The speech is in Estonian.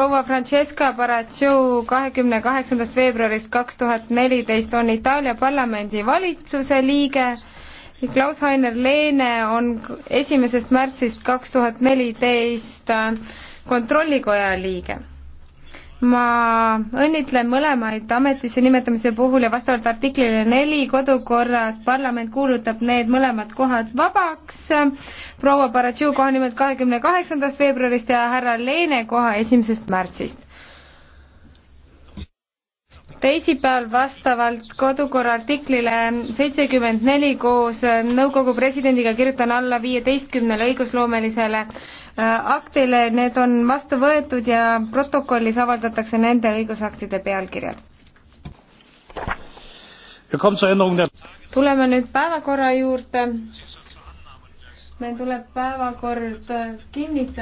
proua Francesca Baracciu kahekümne kaheksandast veebruarist kaks tuhat neliteist on Itaalia parlamendi valitsuse liige. Klaus-Hainer Leene on esimesest märtsist kaks tuhat neliteist kontrollikoja liige ma õnnitlen mõlemaid ametisse nimetamise puhul ja vastavalt artiklile neli kodukorras parlament kuulutab need mõlemad kohad vabaks. proua Baratšuko on nimelt kahekümne kaheksandast veebruarist ja härra Leene koha esimesest märtsist teisipäeval vastavalt kodukorra artiklile seitsekümmend neli koos äh, nõukogu presidendiga kirjutan alla viieteistkümnele õigusloomelisele äh, aktile, need on vastu võetud ja protokollis avaldatakse nende õigusaktide pealkirjad. tuleme nüüd päevakorra juurde. meil tuleb päevakord äh, kinnitada.